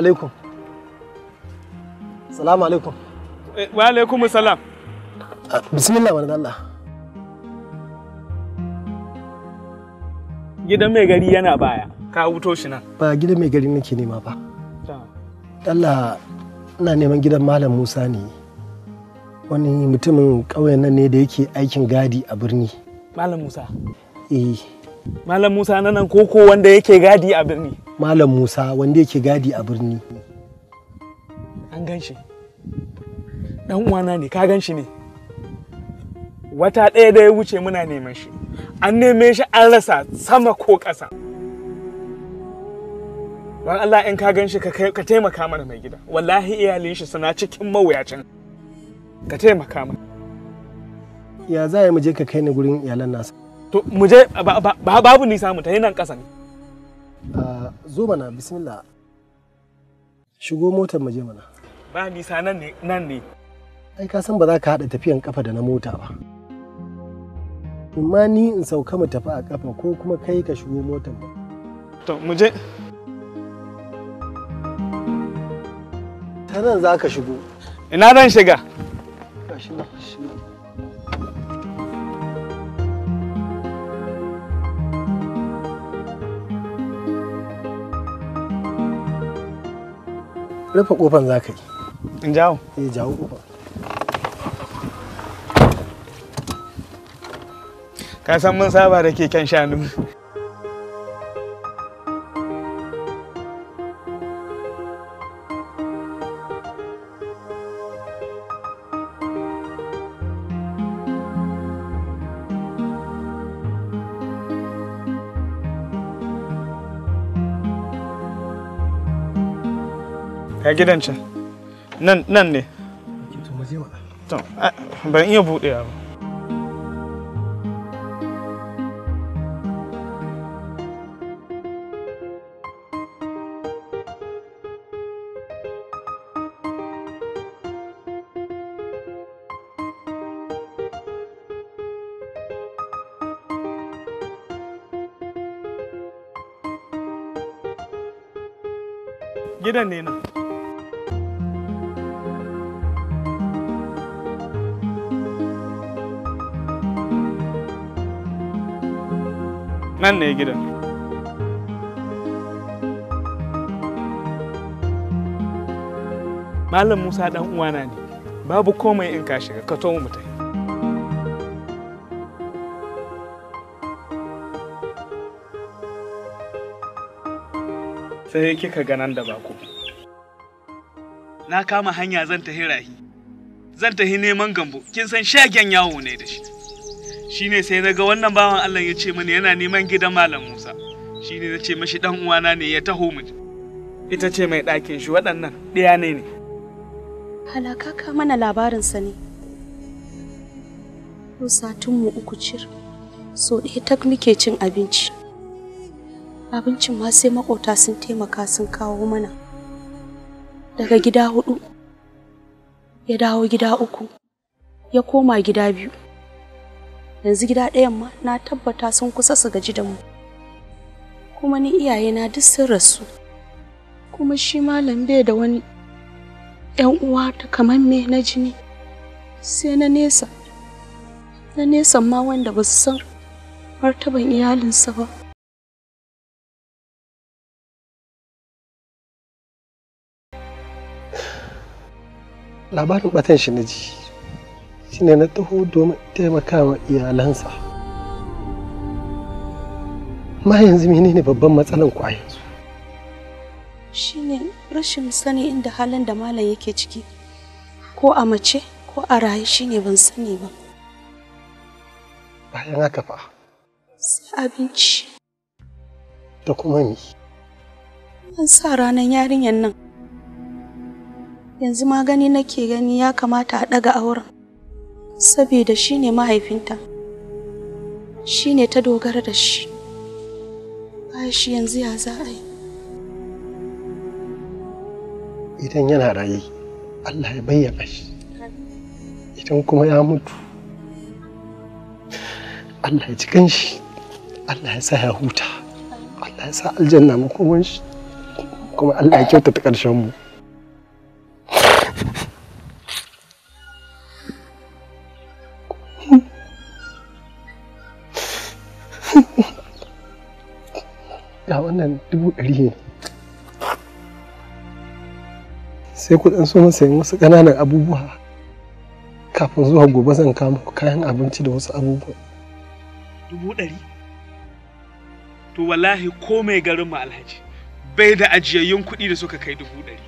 alaikum. Salamu alaikum. Eh, wa alaikum salam. Ah, bismillah wani Allah. Gidan mai gari yana baya. Ka wuto shi nan. Ba gidan mai gari nake nema ba. Allah ina neman gidan Malam Musa ne. Wani mutumin ƙauyen nan ne da yake aikin gadi a birni. Malam Musa? Eh. Malam Musa na nan koko wanda yake gadi a birni. Malam Musa wanda yake gadi a birni. An gan shi. Dan uwana ne, ka gan shi ne. Wata ɗaya da ya wuce muna neman shi. An neme shi an rasa sama ko ƙasa. Don Allah in ka gan shi ka taimaka mana mai gida. Wallahi iyalin shi suna cikin mawuyacin. Ka taimaka mana. Ya za mu je ka kai ni gurin iyalan nasa. to mu je babu nisa mu ta nan ƙasa ne zo mana bismillah shigo motar mu je mana ba nisa nan ne nan ne ai ka san ba za ka haɗa tafiyan ƙafa da na mota ba in ni in sauka mu tafi a ƙafa ko kuma kai ka shigo motar mu to mu je ta nan za ka shigo ina zan shiga rufe kofan za ka yi in jawo eh jawo kofa ka san mun saba da keken shanu gidan can nan nan ne ban iya buɗewa ba gidan ne nan nan ne gidan malam musa dan uwana ne babu komai in ka shiga ka tomo mutai sai kika ga nan da bako na kama hanya zan tahi rahi zan tahi neman gambo kin san shagen yawo ne da shi shine sai na ga wannan bawan Allah ya ce mani yana neman gidan Malam Musa shine na ce mashi dan uwana ne ya taho mu ita ce mai ɗakin shi waɗannan ɗaya ne ne halaka ka mana labarinsa ne satin mu uku cir so ɗaya tak muke cin abinci abincin ma sai makota sun taimaka sun kawo mana daga gida hudu ya dawo gida uku ya koma gida biyu yanzu gida ɗayan ma na tabbata sun kusa su gaji da mu kuma ni iyaye na duk sun rasu kuma shi malam bai da wani ‘yan uwa ta kamar me na jini sai na nesa na nesa ma wanda ba su san martaban iyalinsa ba labarin batan shi na ji ne na taho domin taimakawa iyalansa ma yanzu menene babban matsalan ku a yanzu shine rashin sani inda halin da malam yake ciki ko a mace ko a raye shine ban sani ba bayan haka fa sai abinci da kuma mi an sa ranar yarinyar nan yanzu magani nake gani ya kamata a ɗaga auren saboda shi ne mahaifinta shi ne ta dogara da shi ba shi yanzu ya za a yi idan yana raye allah ya bayyana shi idan kuma ya mutu allah ya ci shi allah ya sa ya huta allah ya sa aljanna makomanshi kuma allah ya kyautata karshen mu wannan dubu ɗari ne sai ɗan so na sayan wasu ƙananan abubuwa kafin zuwa gobe zan kama kayan abinci da wasu abubuwa dubu ɗari to wallahi ko mai garin mu alhaji bai da ajiyayyun kuɗi da suka kai dubu ɗari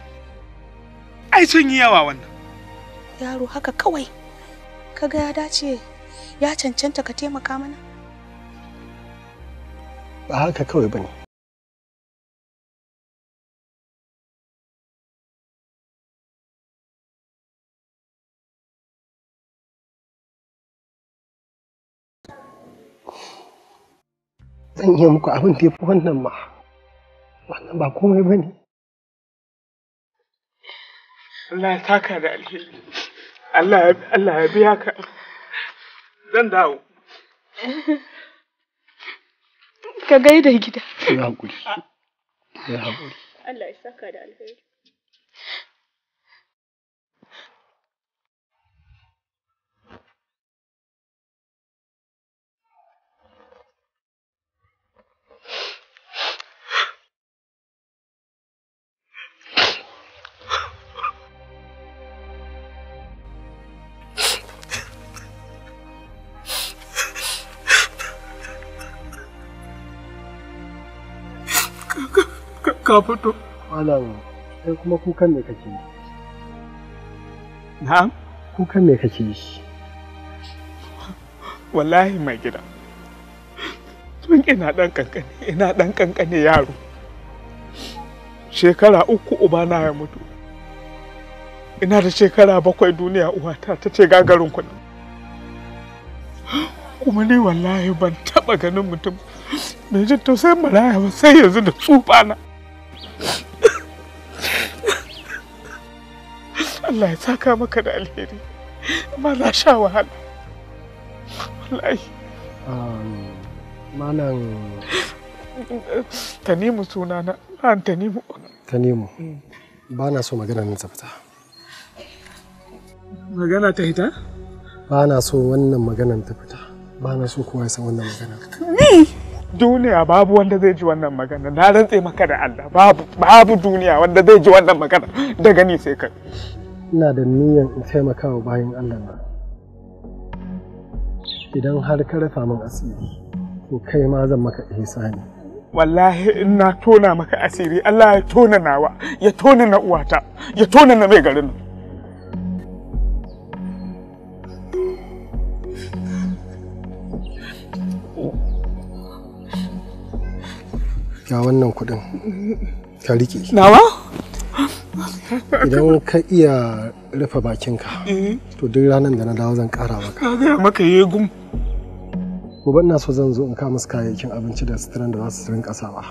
ai sun yi yawa wannan yaro haka kawai kaga ya dace ya cancanta ka taimaka mana ba haka kawai bane zan iya muku abin da ya fi wannan ma wannan ba komai ba ne Allah ya taka da alheri Allah ya biya ka zan dawo ka gaida gida ya haƙuri ya haƙuri Allah ya saka da alheri ka fito. Malam, sai kuma kukan me kake yi? Na'am? Kukan me kake yi? Wallahi mai gida. Tun ina ɗan kankane, ina ɗan kankane yaro. Shekara uku uba na ya mutu. Ina da shekara bakwai duniya uwata ta ce gagarin kuɗi. Kuma ni wallahi ban taɓa ganin mutum. Me jin tausayin maraya ba sai yanzu da tsufana. na. Allah ya saka maka da alheri amma na sha wahala wallahi um, malam tanimu sunana an tanimu tanimu ba na so magana nan ta fita magana ta hita ba na so wannan maganan ta fita ba na so kowa ya san wannan magana ne duniya babu wanda zai ji wannan magana na rantse maka da Allah babu babu duniya wanda zai ji wannan magana da gani sai kai ina da niyyar in taimaka bayan Allah na idan har ka rafa min asiri to kai ma zan maka ihsani wallahi in na tona maka asiri Allah ya tona nawa ya tona na uwata ya tona na mai garin ga wannan kuɗin ka rike nawa idan ka iya rufe bakinka mm-hmm. to duk ranar da na dawo zan ƙara maka ka ga maka gobe ina so zan zo in ka musu kayayyakin abinci da suturan da za su rinka sawa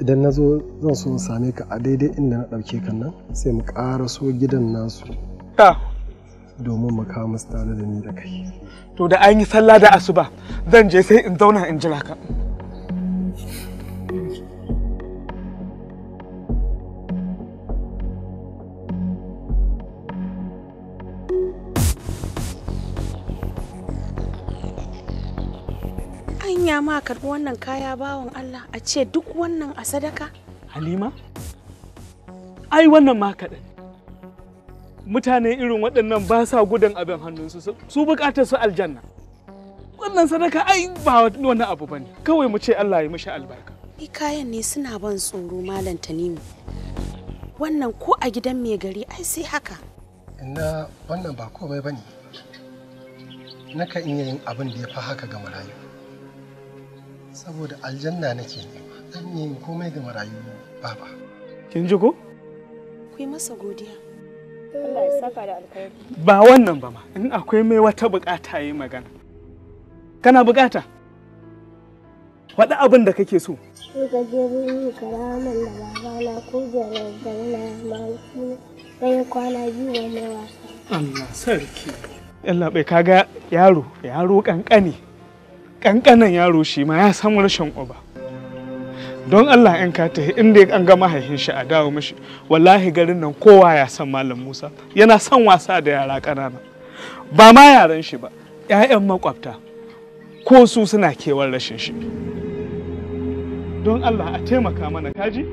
idan na zo zan so in same ka a daidai inda na ɗauke kan nan sai mu ƙara so gidan nasu domin mu kawo musu tare da ni da kai to da an yi sallah da asuba zan je sai in zauna in jira ka anya ma karɓi wannan kaya bawan Allah a ce duk wannan a sadaka? Halima? Ai wannan ma kaɗan. Mutane irin waɗannan ba sa gudan abin hannunsu su buƙatar su aljanna. Wannan sadaka ai ba wani abu ba ne, kawai mu ce Allah ya mishi albarka. Ni kayan ne suna ban tsoro Malam Tanimu. Wannan ko a gidan mai gari ai sai haka. Ina wannan ba komai ba ne. Naka iya yin abin da ya fi haka ga marayu. saboda aljanna nake nema zan iya yin komai ga marayu baba kin ji ko ku yi masa godiya Allah ya saka da alkhairi ba wannan ba ma in akwai mai wata bukata yi magana kana bukata faɗi abin da kake so ni gajeru ni karamin da babana ko jarar da na mahaifi bayan kwana biyu wani wasa Allah sarki Allah bai kaga yaro yaro kankani ƙanƙanan yaro shi ma ya samu rashin uba don allah in ka tafi inda an ga mahaihin shi a dawo mashi wallahi garin nan kowa ya san malam musa yana son wasa da yara ƙanana ba ma yaran shi ba 'ya'yan makwabta ko su suna kewar rashin shi don allah a taimaka mana kaji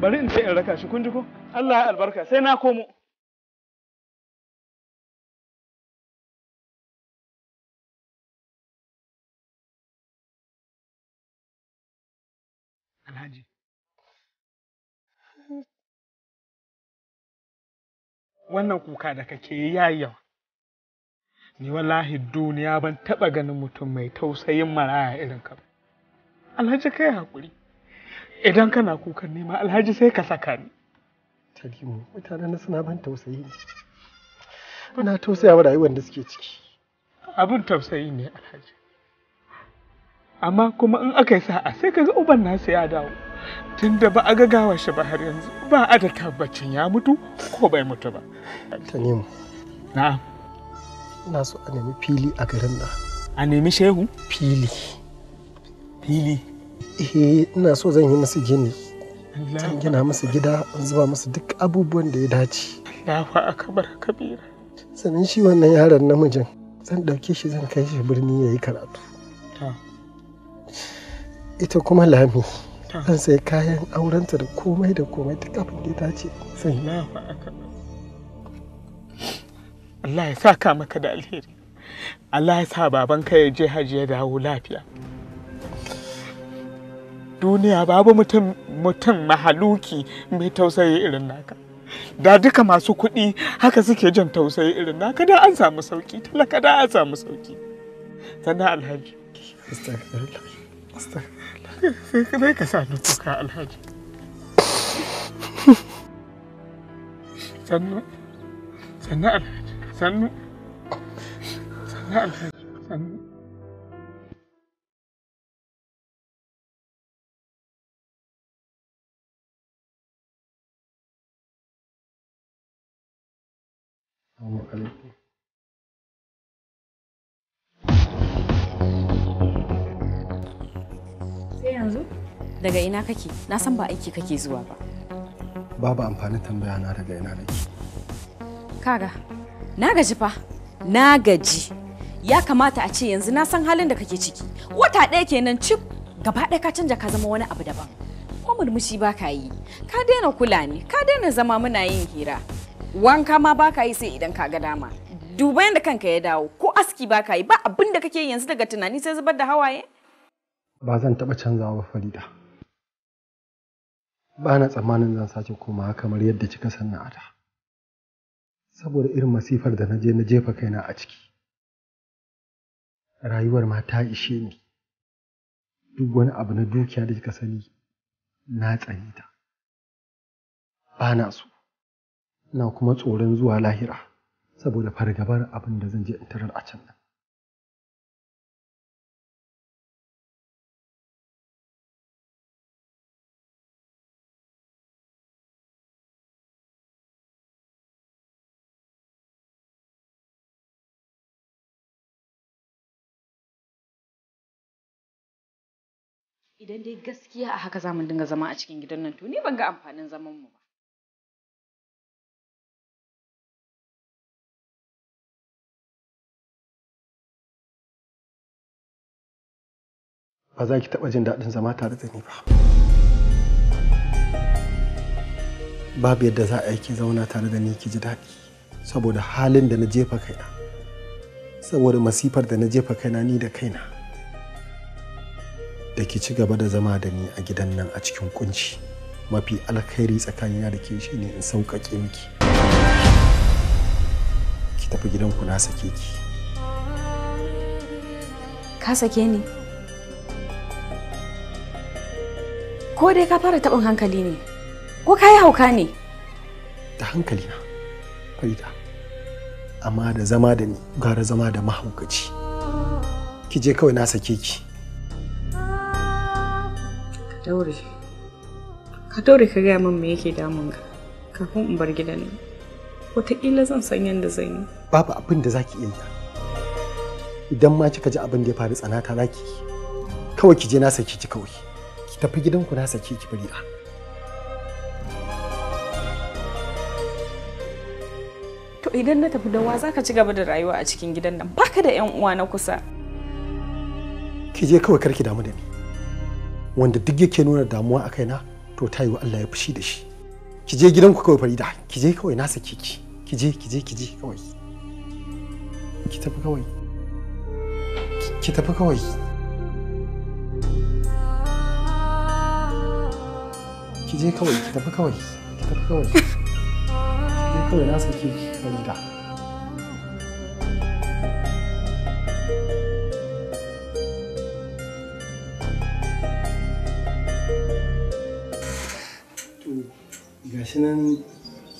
bari in ce in raka shi kun ji ko allah ya albarka sai na komo Alhaji. Wannan kuka da kake yi yawa. Ni wallahi duniya ban taɓa ganin mutum mai tausayin maraya irin ka. Alhaji kai haƙuri. Idan kana kukan nema Alhaji sai ka saka ni. mutane na suna ban tausayi. ne. Ina tausaya wa rayuwar da suke ciki. Abin tausayi ne Alhaji. amma kuma in aka yi sa'a sai ga uban nasa ya dawo tunda ba a ga gawar shi ba har yanzu ba a da tabbacin ya mutu ko bai mutu ba tanimu na'am na so a nemi fili a garin nan a nemi shehu fili fili eh ina so zan yi musu gini zan gina musu gida zuba musu duk abubuwan da ya dace Allahu akbar kabira sannan shi wannan yaron namijin zan dauke shi zan kai shi birni yayi karatu ita kuma lami an sai kayan aurenta da komai da komai duk abin da ya dace sai na fa aka Allah ya saka maka da alheri Allah ya sa babanka ya je hajji ya dawo lafiya duniya babu mutum mutum mahaluki mai tausayi irin naka da duka masu kuɗi haka suke jin tausayi irin naka da an samu sauki talaka da an samu sauki sannan alhaji Astaghfirullah. Astaghfirullah. sai ka sa ni kuka alhaji sannu sannu alhaji sannu sannu alhaji sannu السلام عليكم Daga ina kake? Na san ba aiki kake zuwa ba. Babu amfanin tambaya na daga ina nake. Kaga, na gaji fa. Na gaji. Ya kamata a ce yanzu na san halin da kake ciki. Wata ɗaya kenan cif gaba ɗaya ka canja ka zama wani abu daban. Ko murmushi ba ka yi. Ka daina kula ne, ka daina zama muna yin hira. Wanka ma ba yi sai idan ka ga dama. Duba yadda kanka ya dawo, ko aski ba yi, ba abinda da kake yanzu daga tunani sai zubar da hawaye. Ba zan taɓa canzawa ba Farida. ba na tsammanin zan sace koma kamar yadda kika san na ada saboda irin masifar da na je na jefa kaina a ciki rayuwar ma ta ishe ni duk wani abu na dukiya da kika sani na tsani ta ba na so na kuma tsoron zuwa lahira saboda fargabar abin da zan je in tarar a can nan Idan dai gaskiya a haka zamu dinga zama a cikin gidan nan to ni ban ga amfanin zaman mu ba. Ba za ki taɓa jin daɗin zama tare da ni ba. Babu yadda za a yi ki zauna tare da ni ki ji daɗi saboda halin da na jefa kaina. Saboda masifar da na jefa kaina ni da kaina. da ki ci gaba da zama da ni a gidan nan a cikin kunci mafi alkhairi tsakanin da ke shi ne in sauƙaƙe miki ki tafi gidanku na sake ki ka sake ni ko dai ka fara taɓin hankali ne ko ka yi hauka ne da hankali na farida amma da zama da ni gara zama da mahaukaci ki je kawai na sake ki daure ka ka gaya min me yake damun ka kafin in bar gidan nan wataƙila zan san yadda zan yi babu abin da zaki iya idan ma kika ji abin da ya faru tsanata zaki kawai ki je na saki ki kawai ki tafi gidanku na saki ki bari a to idan na tafi dawa za ka ci gaba da rayuwa a cikin gidan nan baka da 'yan uwa na kusa ki je kawai karki damu da ni wanda duk yake nuna damuwa a kaina to ta yiwu Allah ya fushi da shi ki je gidanku kawai farida ki je kawai na sake ki ki je ki je ki je kawai ki tafi kawai ki tafi kawai ki je kawai ki tafi kawai ki tafi kawai ki je kawai na sake ki farida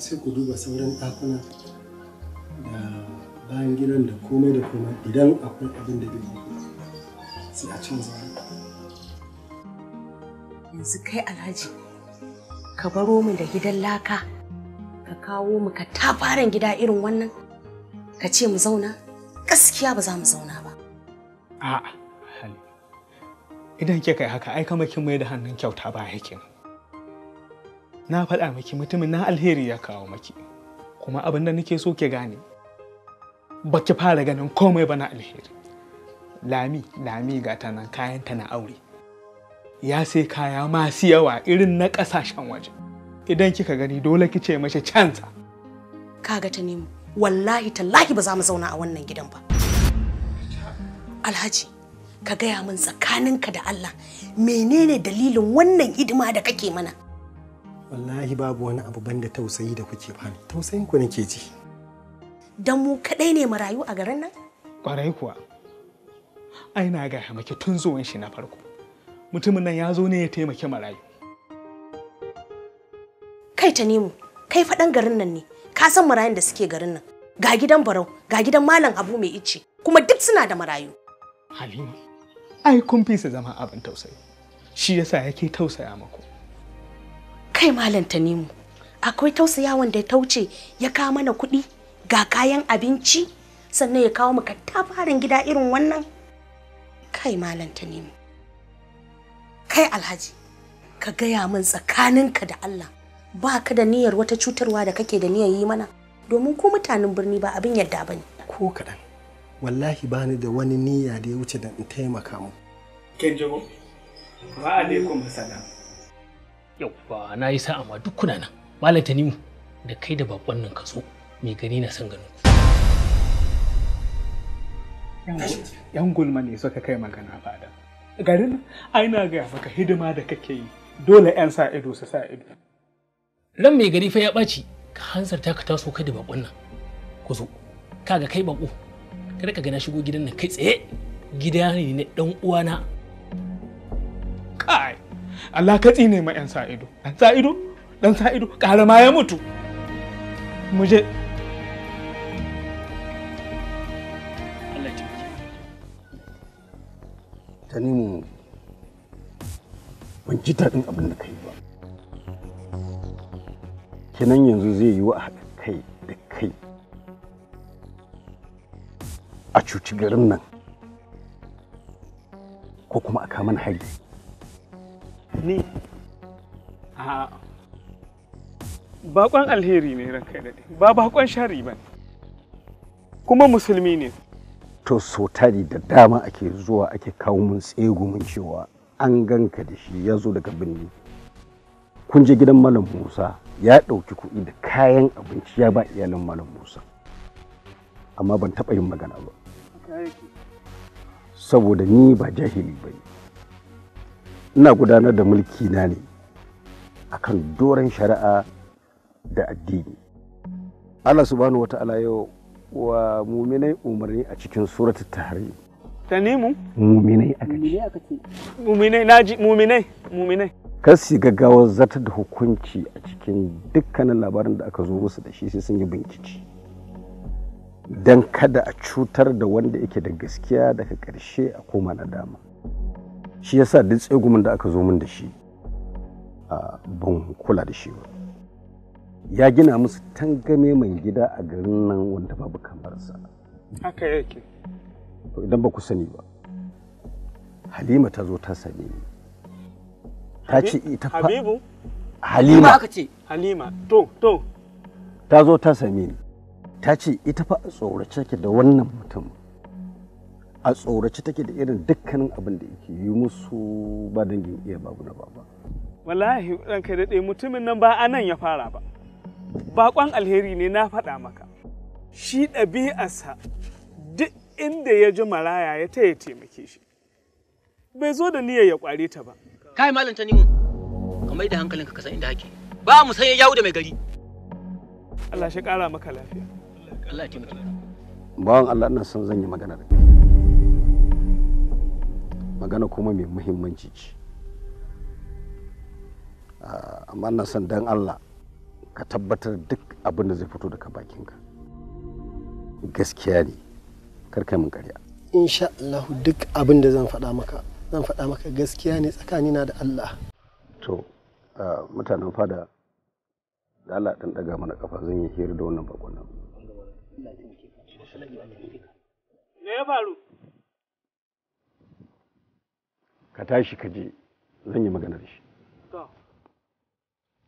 sai ku duba sauran ɗakuna da bayan gidan da komai da komai idan akwai abin da bai sai a canza yanzu kai alhaji ka baro mu da gidan laka ka kawo mu ka tafaran gida irin wannan ka ce mu zauna gaskiya ba za mu zauna ba a'a idan kika yi haka ai kamakin mai da hannun kyauta ba yake nan na faɗa maki mutumin na alheri ya kawo maki kuma abin da nake so ke gane ba ki fara ganin komai ba na alheri lami lami ga ta nan kayan ta na aure ya sai kaya masu yawa irin na ƙasashen waje idan kika gani dole ki ce mashi canza kaga ta nemo wallahi tallahi ba za mu zauna a wannan gidan ba alhaji ka gaya min tsakaninka da allah menene dalilin wannan hidima da kake mana wallahi babu wani abu banda tausayi da kuke bani tausayin ku nake ji dan mu kadai ne marayu a garin nan kwarai kuwa ai na ga maki tun zuwan shi na farko mutumin nan ya zo ne ya taimake marayu kai ta nemo kai faɗan garin nan ne ka san marayun da suke garin nan ga gidan barau ga gidan malam abu mai icce, kuma duk suna da marayu halima ai kun fi su zama abin tausayi shi yasa yake tausaya maku kai malam tanimu akwai tausayawan da ya tauce ya kawo mana kuɗi ga kayan abinci sannan ya kawo maka tafarin gida irin wannan kai malam tanimu kai alhaji ka gaya min tsakaninka da allah ba ka da niyyar wata cutarwa da kake da niyyar yi mana domin ko mutanen birni ba abin yadda ba ne ko kaɗan wallahi ba da wani niyya da ya wuce da in taimaka mu kin jibo wa alaikum assalam yauwa na yi sa'a ma duk kuna nan malam tanimu da kai da bakon nan ka zo mai gani na san ganin yan gulma ne suka kai magana ba da? garin aina ga maka hidima da kake yi dole yan sa ido su sa ido ran mai gari fa ya ɓaci ka hansarta ka taso kai da bakon nan ku zo kaga kai bako kada ka gana shigo gidan nan kai tsaye gida ne na dan uwana kai Allah katsi ne ma 'yan sa'ido ɗan sa'ido ɗan sa'ido ƙara ya mutu mu je Tanimu ban ji daɗin abin da kai ba kenan yanzu zai yi wa kai da kai a cuci garin nan ko kuma a kaman hari Ni? A bakon alheri ne ranka da ba bakon shari ba kuma musulmi ne. To so tari da dama ake zuwa ake kawo mun tsegumin cewa an ganka da shi ya zo daga birni. Kun je gidan Malam Musa ya ɗauki kuɗi da kayan abinci ya ba iyalin Malam Musa. Amma ban taɓa yin magana ba. Saboda ni ba jahili ba ne. ina gudanar da mulki na ne akan doron shari'a da addini Allah subhanahu wata'ala yau wa muminai umarni a cikin surat tahrim tanimu muminai aka ce muminai naji muminai muminai gaggawa gaggawar zartar da hukunci a cikin dukkanin labarin da aka zo musu da shi sai sun yi bincike don kada a cutar da wanda yake da gaskiya daga ƙarshe a koma na dama shi yasa duk tsegumin da aka zo min da shi ban kula da shi ba ya gina musu tangame mai gida a garin nan wanda babu kamarsa haka yake to idan ba ku sani ba halima ta zo ta same ni ta ce ita fa habibu halima aka ce halima to to ta zo ta same ni ta ce ita fa a tsorace ki da wannan mutum a tsorace take da irin dukkanin abin da yake yi musu ba dangin iya babu na baba wallahi ranka daɗe mutumin nan ba anan ya fara ba Baƙon alheri ne na faɗa maka shi ɗabi'arsa duk inda ya ji maraya ya taya taimake shi bai zo da niyyar ya kware ta ba kai malam ta nimu ka mai da hankalinka ka san inda hake ba mu san yawo da mai gari Allah shi ƙara maka lafiya Allah ya taimake bawan Allah ina son zan yi magana da kai magana kuma mai muhimmanci ce ah, amma na son dan allah ka tabbatar duk abin da zai fito daga bakinka gaskiya ne karka min karya insha Allah duk abin da zan faɗa maka zan faɗa maka gaskiya ne tsakanina da Allah to ah, mutanen fada da Allah ɗan ɗaga mana kafa zan yi hira da wannan bakon nan me ya faru ka tashi ka je zan yi magana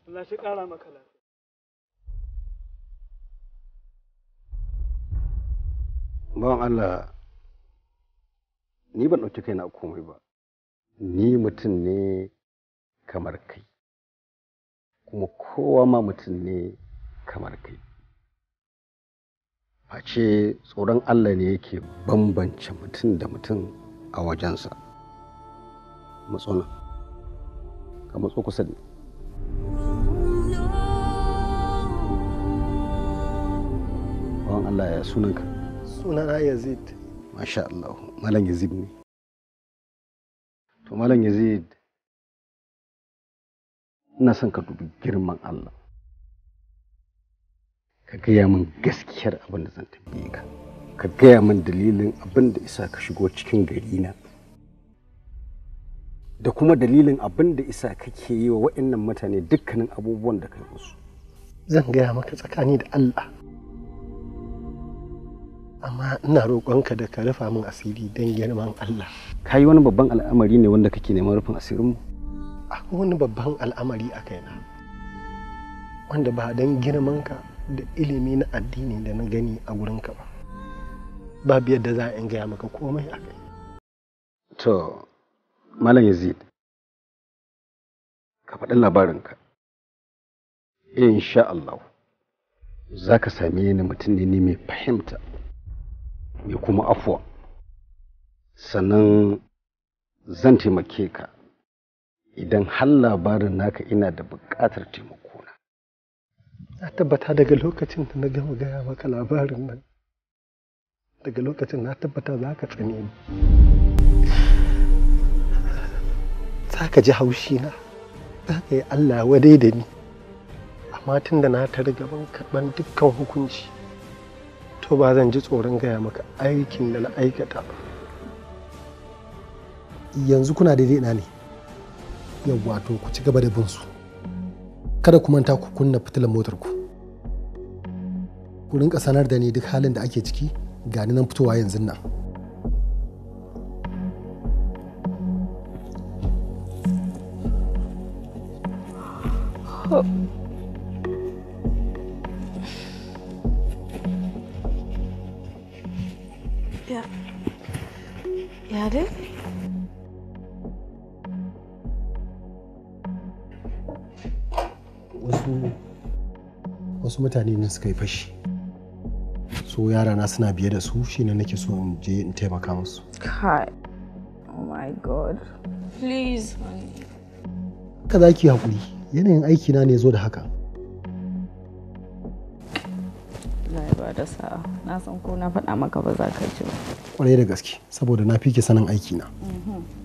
da shi bawan Allah ni ban ɗauki kaina komai ba ni mutum ne kamar kai kuma kowa ma mutum ne kamar kai face tsoron Allah ne yake bambance mutum da mutum a wajensa matsona ka matso kusa da bawan Allah ya sunanka sunana Yazid masha Allah malam Yazid ne to malam Yazid ina son ka dubi girman Allah ka gaya min gaskiyar abin da zan tafi ka ka gaya min dalilin abin da isa ka shigo cikin gari na da kuma dalilin abin da isa kake yi wa waɗannan mutane dukkanin abubuwan da kai musu zan gaya maka tsakani da Allah amma ina roƙonka da ka rufa min asiri don girman Allah ka yi wani babban al'amari ne wanda kake neman rufin asirinmu akwai wani babban al'amari a kaina wanda ba don ka da ilimi na addini da na gani a gurinka ba babu yadda za a in gaya maka komai a kai to Malam Yazid, ka faɗi labarinka. Insha Allah, za ka same ni mutum ne mai fahimta, mai kuma afuwa. Sannan zan taimake ka idan har labarin naka ina da buƙatar taimakona. Na tabbata daga lokacin da na gama gaya maka labarin nan, daga lokacin na tabbata za ka tsane ni. za ka ji haushi na za ka yi Allah wadai da ni amma tun da na tare gaban karɓan dukkan hukunci to ba zan ji tsoron gaya maka aikin da na aikata ba yanzu kuna daidai na ne yawwa to ku ci gaba da bin su kada ku manta ku kunna fitilan motar ku ku rinka sanar da ni duk halin da ake ciki ga nan fitowa yanzu nan Ko... Wasu... Wasu mutane ne suka yi fashi. So na suna biye da su shine nake so in je in taimaka musu. Kai. Oh my god. Please, honey. Ka ki haƙuri. yanayin aikina ne zo da haka da sa'a na san ko na faɗa maka ba za ka ci ba kwarai da gaske saboda na fi ke sanin aikina mhm.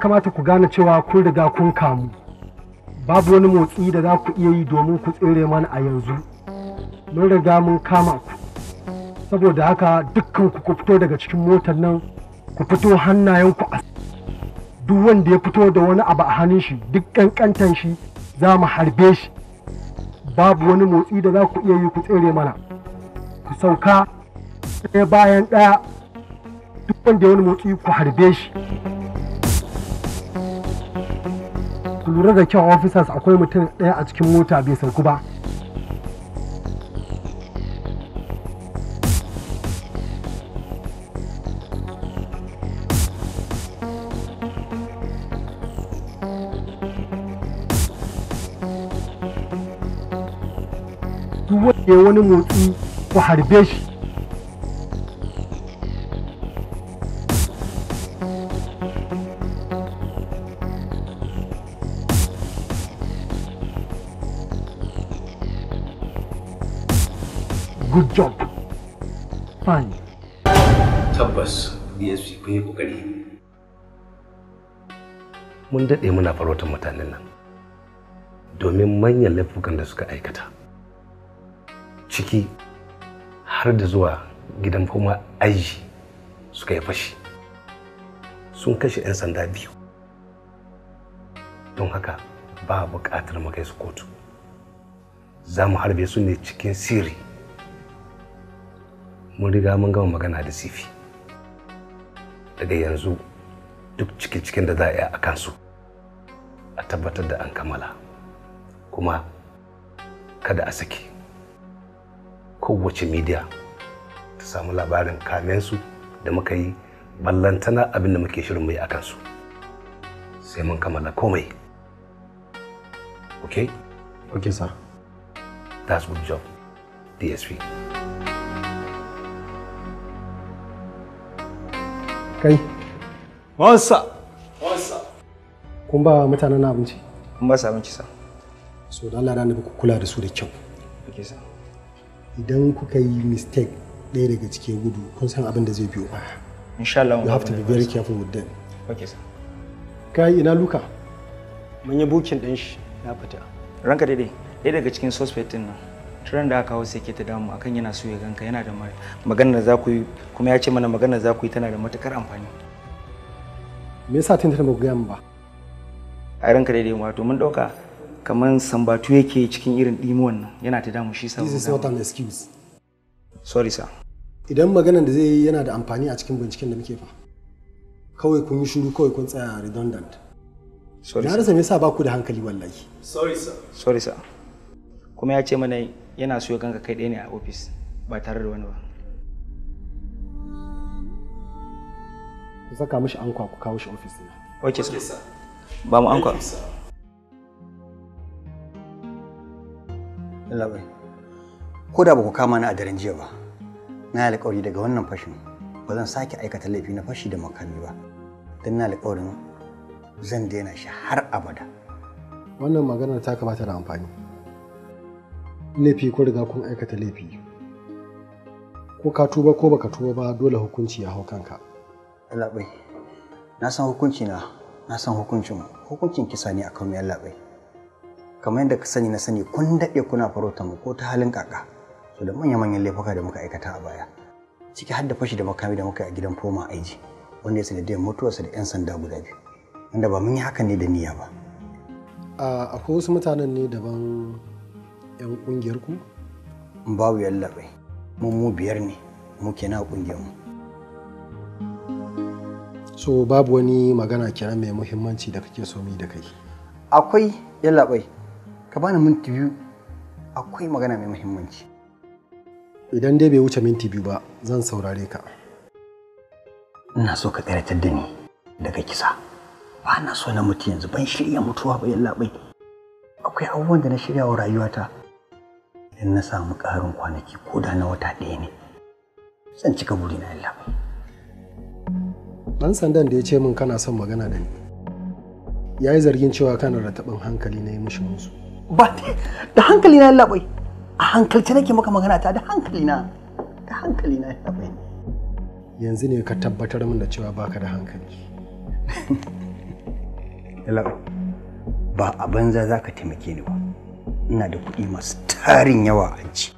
kamata ku gane cewa kun riga kun kamu babu wani motsi da za ku iya yi domin ku tsere mana a yanzu mun riga mun kama ku saboda haka dukkan ku ku fito daga cikin motar nan ku fito hannayenku a duk wanda ya fito da wani abu a hannun shi duk kankantan shi za mu harbe shi babu wani motsi da za ku iya yi ku tsere mana ku sauka ɗaya bayan ɗaya duk wanda ya wani motsi ku harbe shi lura da kyau officers akwai mutum ɗaya a cikin mota bai sauku ba duk wanda ya wani motsi ku harbe shi ku yi kokari mun daɗe muna farautar mutanen nan domin manyan laifukan da suka aikata ciki har da zuwa gidan fama aji suka yi fashi sun kashe 'yan sanda biyu don haka ba buƙatar makai su kotu za mu harbe su ne cikin sirri mun riga mun gama magana da sifi daga yanzu duk cikin-cikin da za a yi a kansu a tabbatar da an kammala kuma kada a saki kowace media ta samu labarin kamensu da muka yi ballantana abin da muke shirin mai a kansu sai mun kammala komai okay okay sir that's good job dsp Kai. Wansa. Wansa. Kun ba mutanen abinci? Kun ba su abinci sa. So da Allah na ku kula da su da kyau. Okay sa. Idan kuka yi mistake ɗaya daga cikin gudu kun san abin da zai biyo ba. Insha Allah. You have to be very careful with them. Okay sa. Kai ina Luka? Mun yi bukin din shi ya fita. Ranka daidai. Ɗaya daga cikin suspect din nan. turan da aka hau sai ke ta damu akan yana so ya ganka yana da magana da za ku yi kuma ya ce mana magana da za ku yi tana da matukar amfani me yasa tun tana gaya min ba a ranka daidai wato mun dauka kamar sambatu yake cikin irin dimuwan nan yana ta damu shi sa this is not an excuse sorry sir idan maganar da zai yi yana da amfani a cikin binciken da muke fa kawai kun yi shiru kawai kun tsaya redundant sorry na rasa me yasa ba ku da hankali wallahi sorry sir sorry sir kuma ya ce mana yana so ya ganka kai ɗaya ne a ofis ba tare da wani ba ku saka mishi ankwa ku kawo shi ofis ne ok sir ba mu ankwa labai ko da ba ku kama ni a daren jiya ba na yi alƙawari daga wannan fashin ba zan sake aikata laifi na fashi da makami ba don na alƙawarin zan daina shi har abada wannan maganar ta kamata da amfani laifi ko riga kun aikata laifi ko ka tuba ko baka tuba ba dole hukunci ya hau kanka labai na san hukunci na na san hukuncin hukuncin kisa ne akan mai labai kamar yadda ka sani na sani kun daɗe kuna farauta mu ko ta halin kaka to da manya manyan laifuka da muka aikata a baya ciki har da fashi da makami da muka yi a gidan foma aiji wanda ya sanadiyar mutuwarsa da 'yan sanda guda biyu wanda ba mun yi hakan ne da niyya ba akwai wasu mutanen ne daban 'yan ƙungiyarku ku? Babu yallaɓai. Mun mu biyar ne muke na ƙungiyar mu. So babu wani magana kiran mai muhimmanci da kake so mi da kai. Akwai yallaɓai. Ka bani minti biyu. Akwai magana mai muhimmanci. Idan dai bai wuce minti biyu ba, zan saurare ka. Ina so ka tsiratar da ni daga kisa. Ba na so na mutu yanzu ban shirya mutuwa ba yallaɓai. akwai abubuwan da na shirya wa rayuwata idan na samu ƙarin kwanaki ko da na wata ɗaya ne zan cika burina Allah bai ɗan sandan da ya ce min kana son magana da ni ya yi zargin cewa kana da taɓin hankali na yi mishi musu ba da hankali na Allah bai a hankalci nake maka magana ta da hankali na da hankali na Allah bai yanzu ne ka tabbatar min da cewa baka da hankali ba a banza za ka taimake ni ba ina da kuɗi masu tarin yawa a ci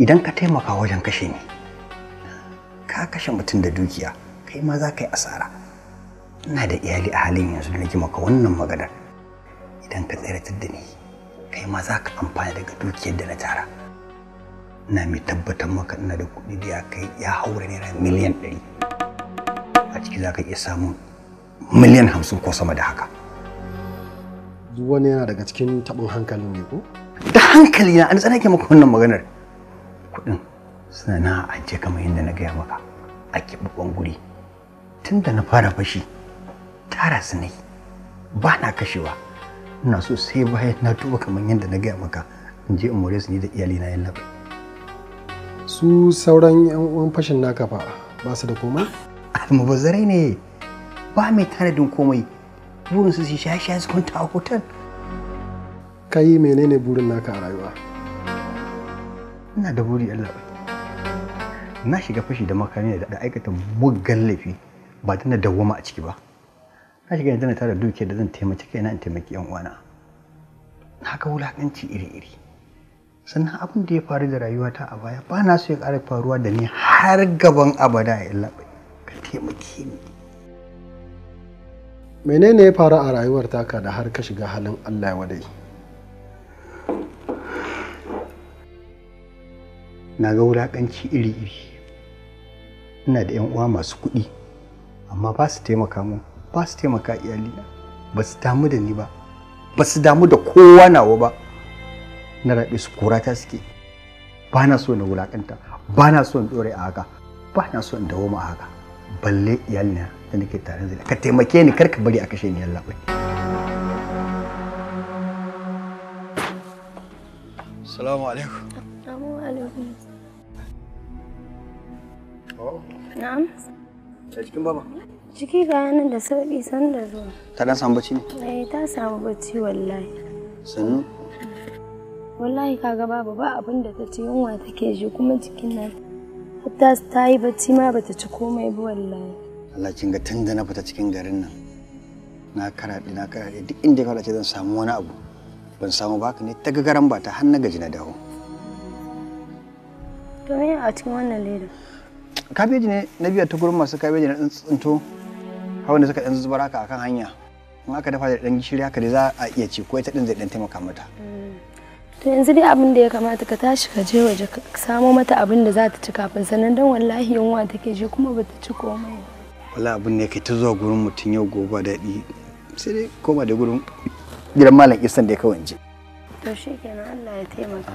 idan ka taimaka wajen kashe ni ka kashe mutum da dukiya kai ma za ka yi asara ina da iyali a halin yanzu da ji maka wannan maganar idan ka tsiratar da ni kai ma za ka amfana daga dukiyar da na tara ina mai tabbatar maka ina da kuɗi da ya kai ya haura naira miliyan ɗari a ciki za ka iya samun miliyan hamsin ko sama da haka duk wani yana daga cikin taɓin hankalin ne ko da hankali na an ke maka wannan maganar kuɗin suna na ajiye kamar yadda na gaya maka a keɓaɓɓen guri tunda na fara fashi tara su ne ba na kashewa ina so sai bayan na tuba kamar yadda na gaya maka in je in more su ni da iyalina na yalla su sauran yan uwan fashin naka fa ba su da komai almubazzarai ne ba mai tanadin komai burinsu su shaye shaye su kwanta a hotel kai menene burin naka a rayuwa ina da buri Allah na shiga fashi da makami da aikata muggan laifi ba da na a ciki ba na shiga yanzu na tara dukiyar da zan taimaki kaina in taimaki yan uwana na ga wulakanci iri-iri sannan abin da ya faru da rayuwata a baya ba na so ya ƙara faruwa da ni har gaban abada ya Allah ka taimake ni menene ya faru a rayuwar taka da har ka shiga halin allah ya wadai na ga wulaƙanci iri-iri ina da 'yan uwa masu kuɗi amma ba su taimaka mu ba su taimaka iyalina ba su damu da ni ba ba su damu da kowa nawa ba na raɗe su ta suke ba na so na wulaƙanta ba na so in ɗore a haka ba na so in dawo ma a haka balle iyalina da nake tare da ka taimake ni kar ka bari a kashe ni yalla bai Assalamu alaikum. Assalamu alaikum. Oh. Na'am. Ta cikin baba? Ciki ga nan da sauki san da zuwa. Ta dan samu bacci ne? Eh ta samu bacci wallahi. Sannu? Wallahi kaga babu ba abin da ta ce yunwa take ji kuma cikin nan. Hatta ta yi bacci ma bata ci komai ba wallahi. Allah kin ga tunda na fita cikin garin nan na karaɗe na karaɗe duk inda ka ce zan samu wani abu ban samu baka ne ta gagaran ba ta har na gaji na dawo. To me a cikin wannan leda? Kabeji ne na biya ta gurin masu kabeji na tsinto hawan da suka ɗan zubar haka akan hanya. In aka dafa da ɗan gishiri haka dai za a iya ci ko ita ɗin zai ɗan taimaka mata. Mm. To yanzu dai abin da ya kamata ka tashi ka je waje ka samo mata abin da za ta ci kafin sannan don wallahi yunwa take je kuma ba ta ci komai ba. wala abin ne kai ta zuwa gurin mutum yau gobe daɗi sai dai koma da gurin gidan malam isan da ya kawance. to shikenan Allah ya taimaka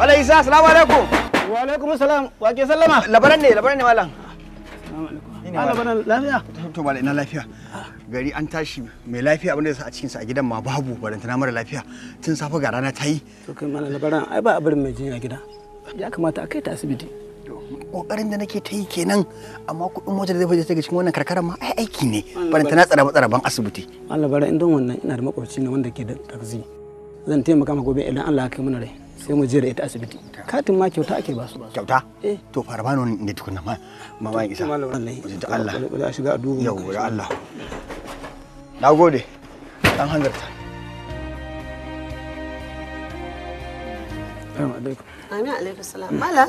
Wala Isa, salamu alaikum. Wa alaikum salam. Wa ke sallama? Labaran ne, labaran ne malam. Salamu alaikum. labaran lafiya? To malam ina lafiya. Gari an tashi mai lafiya abinda yasa a cikinsa a gidan ma babu barantana mara lafiya tun safe ga rana ta yi. To kai malam labaran ai ba a barin mai jinya gida. Ya kamata a kai ta asibiti. kokarin da nake ta yi kenan amma kuɗin motar zai fita daga cikin wannan karkara ma ai aiki ne baranta na tsaraban asibiti Allah labaran in don wannan ina da makwabci ne wanda ke da taxi zan taimaka maka gobe idan Allah ya kai mana rai sai mu je da ita asibiti katin ma kyauta ake ba su kyauta eh. to fara bano ne tukunna ma mama isa da Allah da shiga a dubu yau da Allah nagode dan hanzarta Assalamu alaikum. Amin alaikum salam. Mala,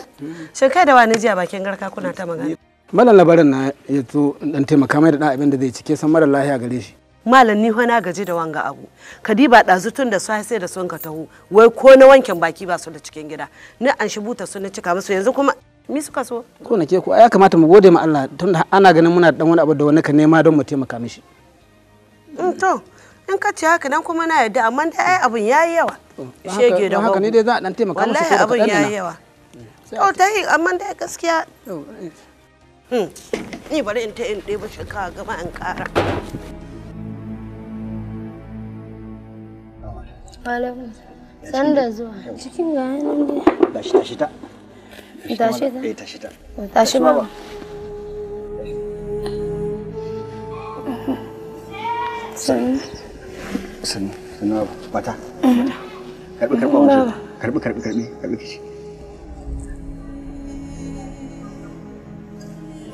shin kai da wani jiya bakin garka kuna ta magana? Mala labarin na ya zo dan taimaka mai da dan abin da zai cike san mara lahiya gare shi. malam ni na gaji da wanga abu kadiba ɗazu tun da su sai da sun ka taho wai ko na wankin baki ba su da cikin gida na an shi buta su na cika musu yanzu kuma mi suka so ko na ke ya kamata mu gode ma Allah tunda ana ganin muna dan wani abu da wani ka nema don mu taimaka mishi in mm, to in ka ci haka nan kuma na yadda amma dai ai abun yayi yawa shege da haka ni dai za a dan taimaka musu wallahi abun yayi yawa to dai amma dai gaskiya eh. hmm, ni bari in ta in ɗebo shi ka gama in ƙara Malamu. zuwa. Cikin ga Tashi tashi ta. Tashi ta. Eh tashi ta. Tashi Sannu. Sannu. Sannu Karbi karbi Karbi karbi karbi karbi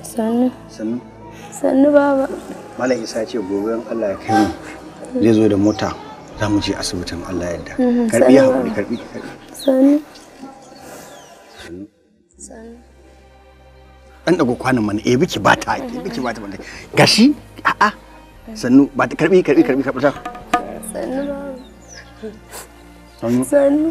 Sannu. Sannu. Sannu baba. Malam Isa ya ce gobe Allah ya kai zai zo da mota za mu je asibitin Allah yadda mhm, karbi ya haƙuri karbi karbi sani sani an dago kwanan mana eh biki ba ta ki biki ba ta bane gashi a'a sannu ba ta karbi karbi karbi karbi ta sannu sannu sannu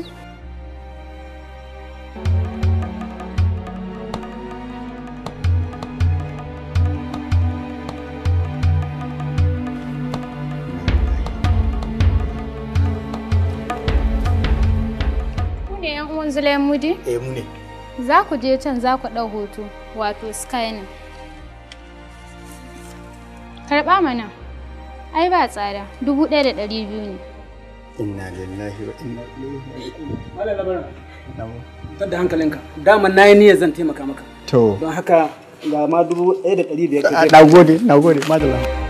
Zulai Mudi? Eh mu ne. Za ku je can za ku ɗau hoto wato scanning. Karɓa mana. Ai ba tsada, dubu ɗaya da ɗari biyu ne. Inna lillahi wa inna ilaihi raji'un. Tada hankalinka. Dama na yi niyyar zan taimaka maka. To. Don haka ga ma dubu ɗaya da ɗari biyar. Na gode, na gode, madalla.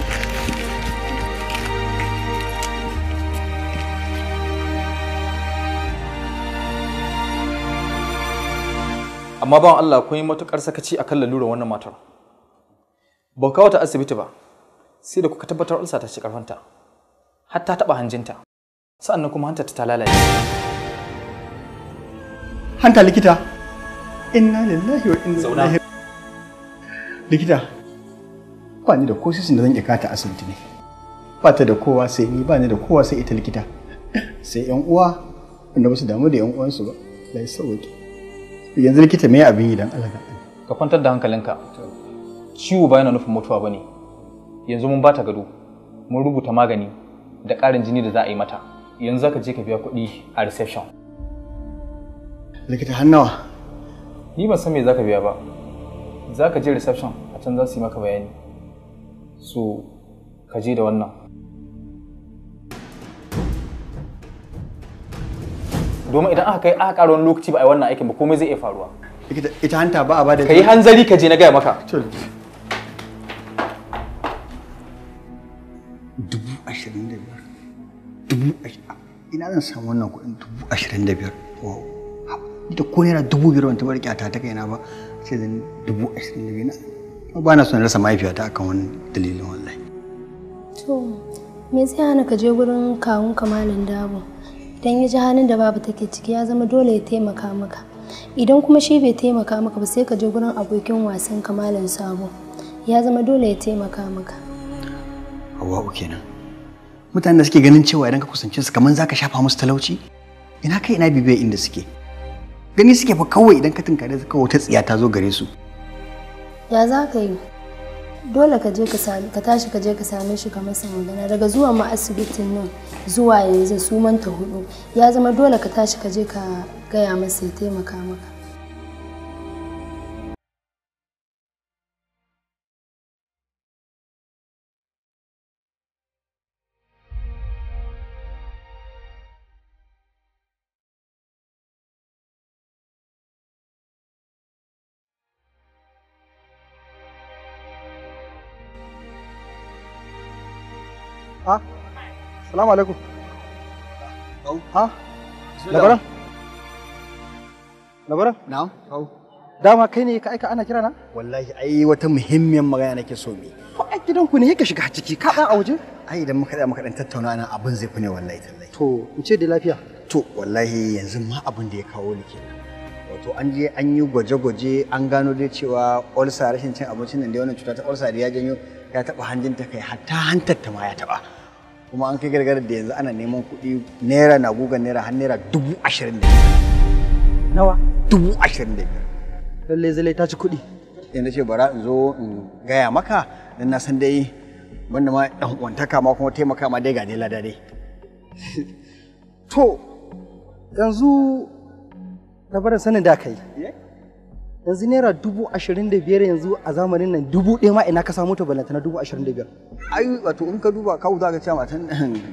amma bawan Allah kun yi matukar sakaci a kan lalurar wannan matar ba kawo ta asibiti ba sai da kuka tabbatar ulsa ta ci karfanta har ta taba hanjinta sa'annan kuma hanta ta lalace hanta likita inna lillahi wa inna ilaihi likita ba ni da ko sisin da zan iya kata asibiti ne ba ta da kowa sai ni ba ni da kowa sai ita likita sai yan uwa wanda ba su damu da yan uwansu ba lai sauki yanzu likita me abin yi dan Allah ka kwantar da hankalinka ciwo ba nufin mutuwa bane yanzu mun bata gado mun rubuta magani da ƙarin jini da za a yi mata yanzu zaka je ka biya kuɗi a reception likita hannawa ni ban san me zaka biya ba zaka je reception a can za su yi maka bayani so ka je da wannan domin idan aka kai aka karo wani lokaci ba a yi wannan aikin ba komai zai iya faruwa ita hanta ba a ba da ka yi hanzari ka je na gaya maka dubu ashirin da biyar dubu ina zan samu wannan kuɗin dubu ashirin da biyar ita ko n'a dubu biyar wani taɓa kyata ta kaina ba sai zan dubu ashirin da biyar ba na son rasa mahaifiyata akan wani dalilin wallahi to me zai hana ka je gurin kawun kamalin dabon idan ya ji hannun da babu take ciki ya zama dole ya taimaka maka idan kuma shi bai taimaka maka ba sai ka je gurin abokin wasan kamalin sabo ya zama dole ya taimaka maka uke nan mutanen da suke ganin cewa idan ka kusance su kamar zaka shafa musu talauci ina kai ina bibiya inda suke gani suke fa kawai idan ka tunkare su kawai ta tsiya ta zo gare su ya za ka yi dole ka je ka tashi ka je ka same shi ka masa magana daga zuwa ma asibitin nan zuwa yanzu su manta hudu ya zama dole ka tashi ka je ka gaya masa ya taimaka maka Salamu alaikum. Ha? Labaran? Labaran? Hau. Dama kai ne ka aika ana kira na? Wallahi ai wata muhimmiyar magana nake so mi. Ko a gidanku ne yake shiga ciki ka dan a waje? Ai idan muka da muka dan tattauna nan abin zai fi ne wallahi tallahi. To, in ce da lafiya. To, wallahi yanzu ma abin da ya kawo ni kenan. Wato an je an yi gwaje-gwaje an gano dai cewa olsa rashin cin abincin nan da wannan cuta ta olsa da ya janyo ya taba hanjinta kai hatta hantar ta ma ya taba. kuma an kai gargarar da yanzu ana neman kuɗi naira na gugan naira har naira dubu ashirin da nawa dubu ashirin da biyar lallai zalai ta ci kuɗi yanzu eh, ce bara in zo in gaya maka don na san dai wanda ma ɗan uwantaka ma kuma taimaka ma dai ga dai lada dai to yanzu na barin sanin da kai yanzu naira dubu ashirin da biyar yanzu a zamanin nan dubu ɗaya ma ina ka samu ta balanta na dubu ashirin da biyar. ai wato in ka duba kawo za ka cewa matan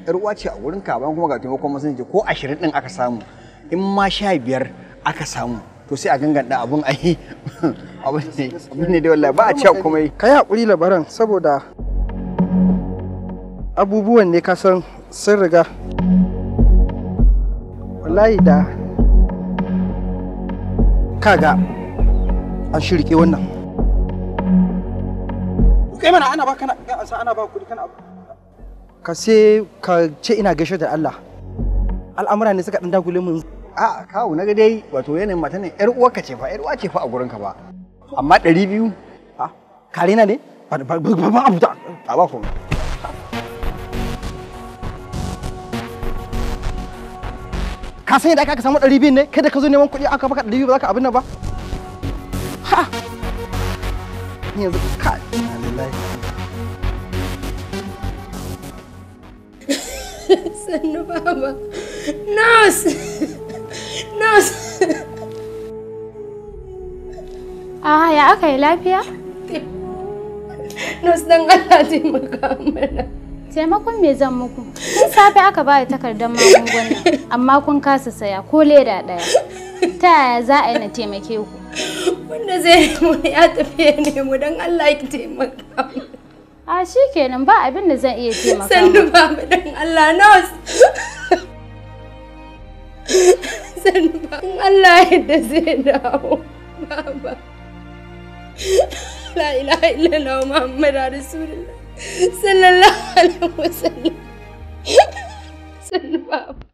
yar uwa ce a wurin ka ban kuma ga taimakon masu ko ashirin ɗin aka samu in ma sha biyar aka samu to sai a ganganta abun a yi abin ne da wallahi ba a cewa komai. ka yi haƙuri labaran saboda abubuwan ne ka san sun riga wallahi da kaga an shirke wannan kai mana ana ba kana ansa ana ba kudi kana abu ka sai ka ce ina gaishe da Allah al'amura ne suka dan dagule mun a kawo na ga dai wato yanayin mata ne yar uwarka ce fa yar uwa ce fa a gurinka ba amma 200. biyu ah, kare na ne ba ba ba abu ta a ba kuma ka san yadda aka samu ɗari biyu ne kada ka zo neman kuɗi aka baka 200 ba za ka abin nan ba ha ni ya aka yi lafiya nurse dan Allah taimaka taimakon me zan muku tun safe aka ba da takardar magunguna amma kun kasa saya ko leda daya ta yaya za a yi na taimake ku wanda zai mu ya tafiye ne mu don Allah ki taimaka a shi kenan ba abin da zan iya taimaka sannu ba mu don Allah nos sannu ba in Allah yadda zai dawo baba la ilaha illallah muhammad rasulullah sallallahu alaihi wasallam sannu baba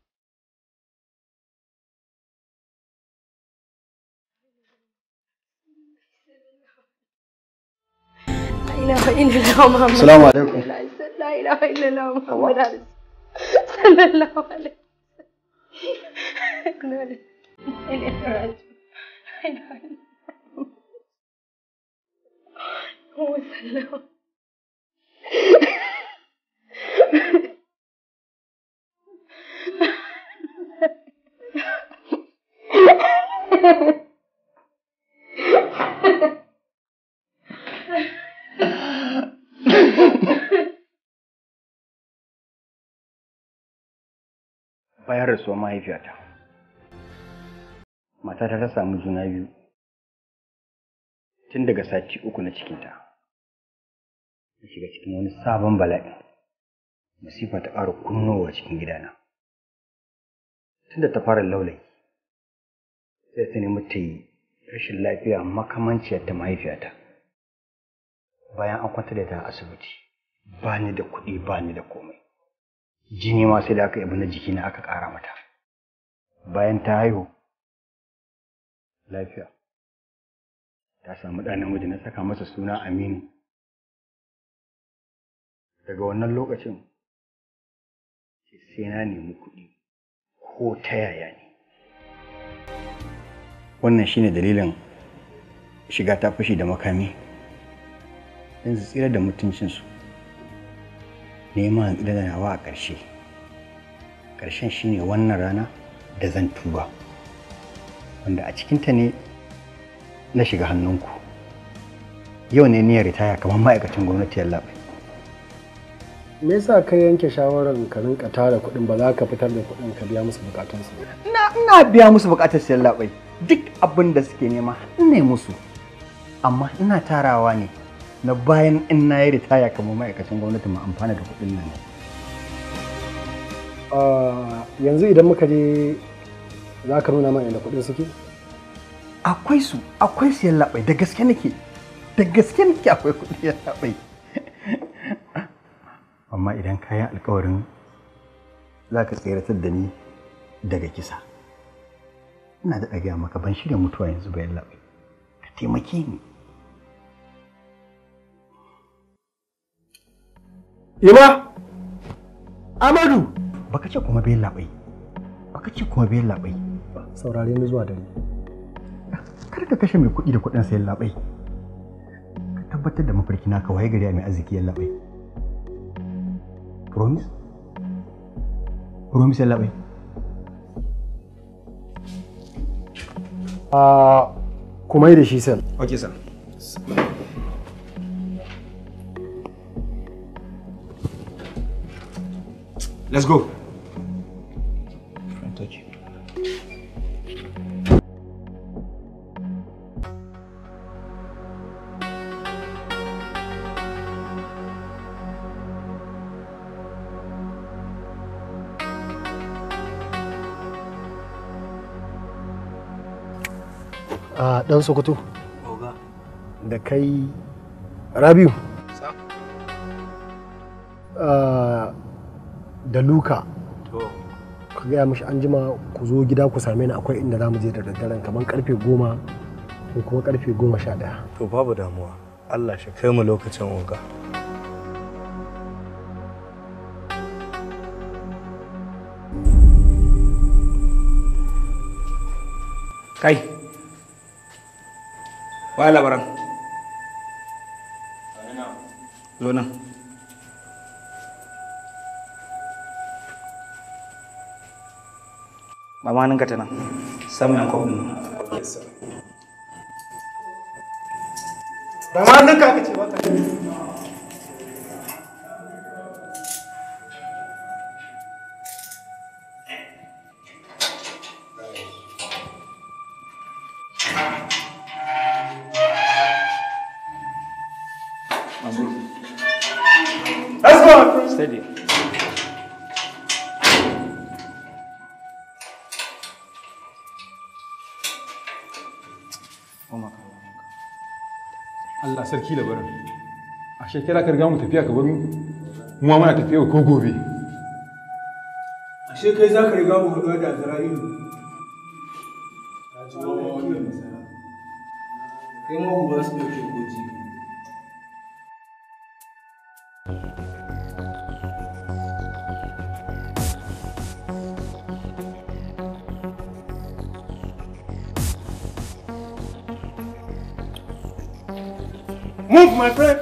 اله الا الله محمد السلام عليكم لا اله الا الله محمد صلى الله عليه وسلم Ha ha ha. bayan rasuwar mahaifiyata matata ta samu juna biyu tun daga sati uku na cikinta ta shiga cikin wani sabon bala'i masifa ta ƙara kunnowa cikin gidana tun da ta fara laulai, sai ta nemi ta yi rashin lafiya makamanciyar ta mahaifiyata bayan an kwanta da ta asibiti ba ni da kuɗi ba ni da komai jini ma sai da aka abu na jikina aka ƙara mata bayan ta haihu lafiya ta samu ɗan namiji na saka masa suna aminu daga wannan lokacin sai na nemi kuɗi ko ta yaya ne wannan shine dalilin shiga ta fushi da makami yanzu tsira da mutuncinsu neman da nawa a ƙarshe ƙarshen shine wannan rana da zan tuba wanda a cikinta ne na shiga hannunku yau ne niyyar ritaya kamar ma'aikacin gwamnati yallaɓai me yasa ka yanke shawarar ka rinka tara kuɗin ba za ka fitar da kuɗin ka biya musu bukatunsu su ina biya musu bukatun su yallaɓai duk abin da suke nema ina musu amma ina tarawa ne na bayan in na yi ritaya kamar ma'aikacin gwamnati ma amfana da kuɗin nan ah, yanzu idan muka je za ka nuna mana inda kuɗin suke akwai su akwai su yallaɓai da gaske nake da gaske nake akwai kuɗi yallaɓai amma idan kayan alkawarin za ka tseratar da ni daga kisa ina da gaya maka ban shirya mutuwa yanzu ba yallaɓai ka taimake ni Ima! Amadu! Baka ce kuma bayan labai. Baka ce kuma bayan labai. Saurare ni zuwa dare. Kar ka kashe mai kuɗi da kuɗin sayan labai. Ka tabbatar da mafarki na ka waye gari a mai arziki yan labai. Promise? Promise yan labai. Uh, ah, kuma yi da shi sel. Ok sir. Let's go. Ah, dan sokoto da kai rabiu da luka ka gaya mashi an jima ku zo gida ku same ni akwai inda zamu je da daddaren kamar karfe goma ko kuma karfe goma sha daya to babu damuwa allah shi kai mu lokacin unga kai waya labaran zo nan amma ka tana nan samu yan kwabin nan ba ma ka ce ba ka Allah sarki labarin a shekara ka riga mu tafiya ka bar mu mu tafiya ko gobe ashe kai za ka riga mu haɗuwa da Azra'ilu kai ma ku ba su ɗauke goji Move, my friend.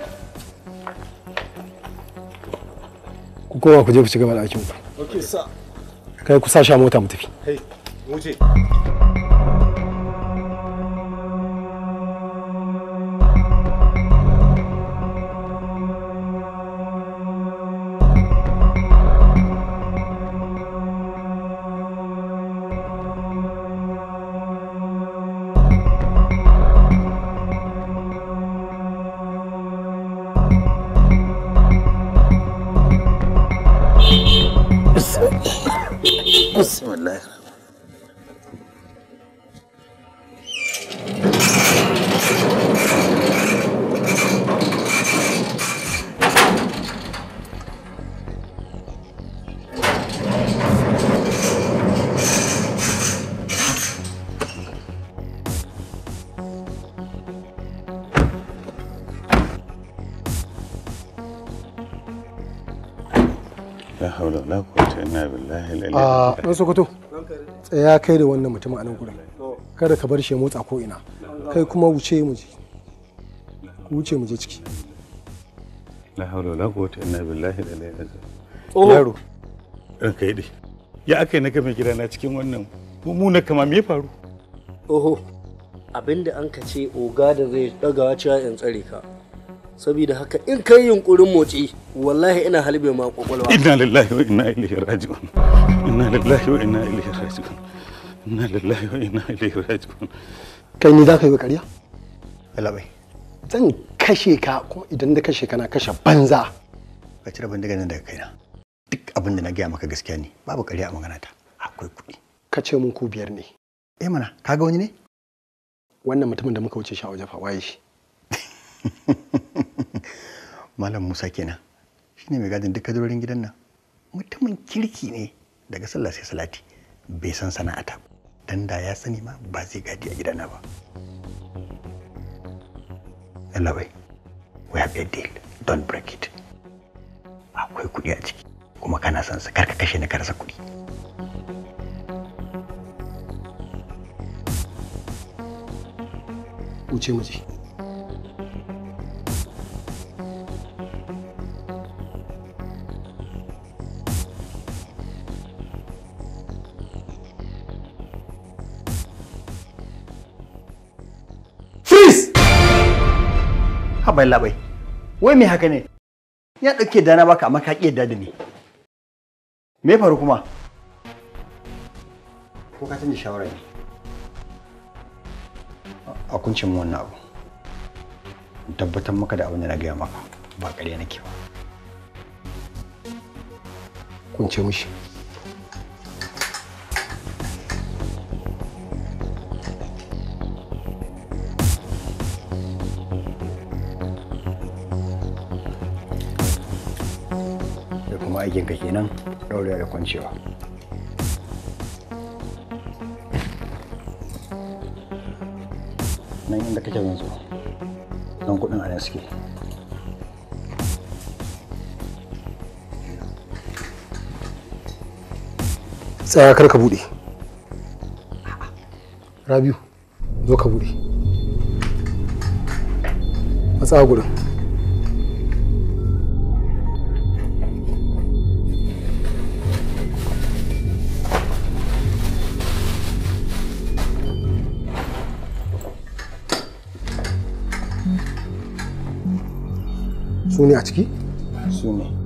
Ku kowa ku je ku cigaba da aikin ku. Okay, sir. Kai ku sa mota mu tafi. Hey, mu je. haula wala quwwata illa billahi al a ah, sokoto tsaya kai da wannan mutumin a nan gurin kada ka bar shi ya motsa ko ina kai kuma wuce mu je wuce mu je ciki la haula wala quwwata illa billahi al oh. yaro ranka yi ya aka yi na kame gidana cikin wannan mummuna kama me faru oho abinda an ka ce oga da zai dagawa cewa in tsare ka saboda haka in kai yunkurin motsi wallahi ina halibe ma kwakwalwa inna lillahi wa inna ilaihi raji'un inna lillahi wa inna ilaihi raji'un inna lillahi wa inna ilaihi raji'un kai ni zaka yi kariya. labai zan kashe ka kuma idan da kashe kana kashe banza ka cire bandiga nan daga kaina duk abin da na gaya maka gaskiya ne babu kariya a magana ta akwai kuɗi ka ce mun ku biyar ne eh mana kaga wani ne wannan mutumin da muka wuce shi a waje fa waye shi malam musa kenan shi ne mai gadin duk kadurorin gidan nan mutumin kirki ne daga sallah sai salati bai san sana'ata dan da ya sani ma ba zai gadi a gidana ba Allah bai we have a deal don't break it akwai kuɗi a ciki kuma kana son sa karka kashe na karsa kuɗi wuce mu haba labai wai me haka ne ya dauke dana baka amma ka ki da ni me faru kuma ko ka canza shawara ne a kuncin wannan abu tabbatar maka da abin da na gaya maka ba kare nake ba kunce mishi aikinka kenan daure da kwancewa nan inda kake yanzu nan kudin a suke tsaya kar ka bude rabiu zo ka bude matsa gurin su ne a ciki su ne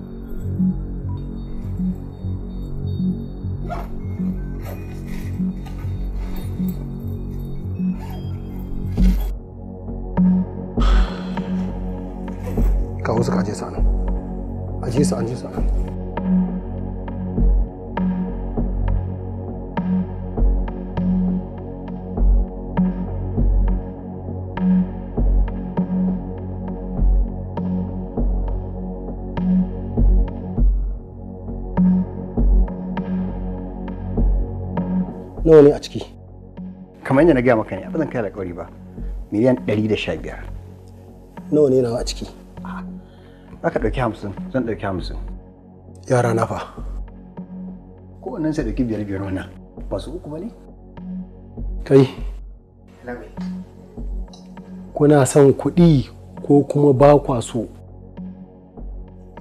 nawa ne a ciki kamar yadda na gaya maka ne abin kai da alƙawari ba miliyan 115 nawa ne nawa a ciki za ka ɗauki hamsin zan ɗauki hamsin yara na fa ko wannan sai ɗauki biyar biyar wannan ba su uku ba ne kai kuna son kuɗi ko kuma ba kwa so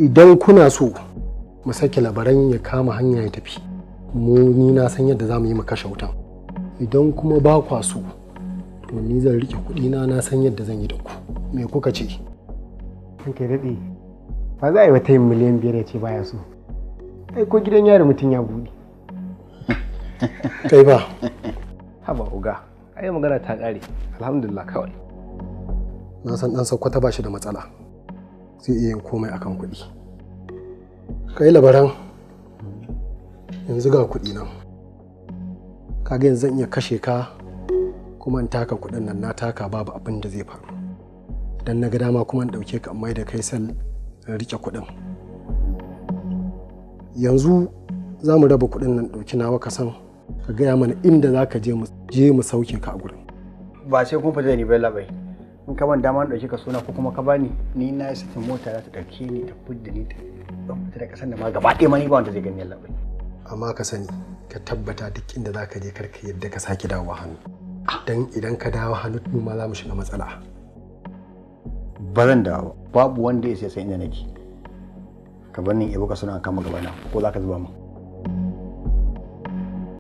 idan kuna so mu sake labaran ya kama hanya ya tafi mu ni na san yadda za mu yi mu kashe wutan idan kuma ba kwa so to ni zan rike kuɗi na na san yadda zan yi da ku me kuka ce kin kai daɗe ba za a yi wata yin miliyan biyar ya ce baya so ai ko gidan yari mutum ya buɗe kai ba haba uga ai magana ta ƙare alhamdulillah kawai na san ɗan sakkwata ba shi da matsala zai iya yin komai akan kuɗi kai labaran yanzu ga kuɗi nan kaga yanzu zan iya kashe ka kuma in taka kuɗin nan na taka babu abin da zai faru dan na ga dama kuma in ɗauke ka mai da kai sal in riƙe kuɗin yanzu za mu raba kuɗin nan ɗauki nawa ka san ka gaya mana inda za ka je mu je sauke ka a gurin ba sai kun fita da ni bai labai in ka ban dama ɗauki ka suna ko kuma ka bani ni na yi sakin mota za ta ɗauke ni ta fudda ni ta fita da ƙasar da ma gaba ɗaya mani ba wanda zai gani labai amma ka sani ka tabbata duk inda za ka je karka yadda ka sake dawowa hannu dan idan ka dawo hannu mu ma za mu shiga matsala ba zan dawo babu wanda ya sai inda nake ka bar ni ibo suna kama gaba na ko za ka zuba mu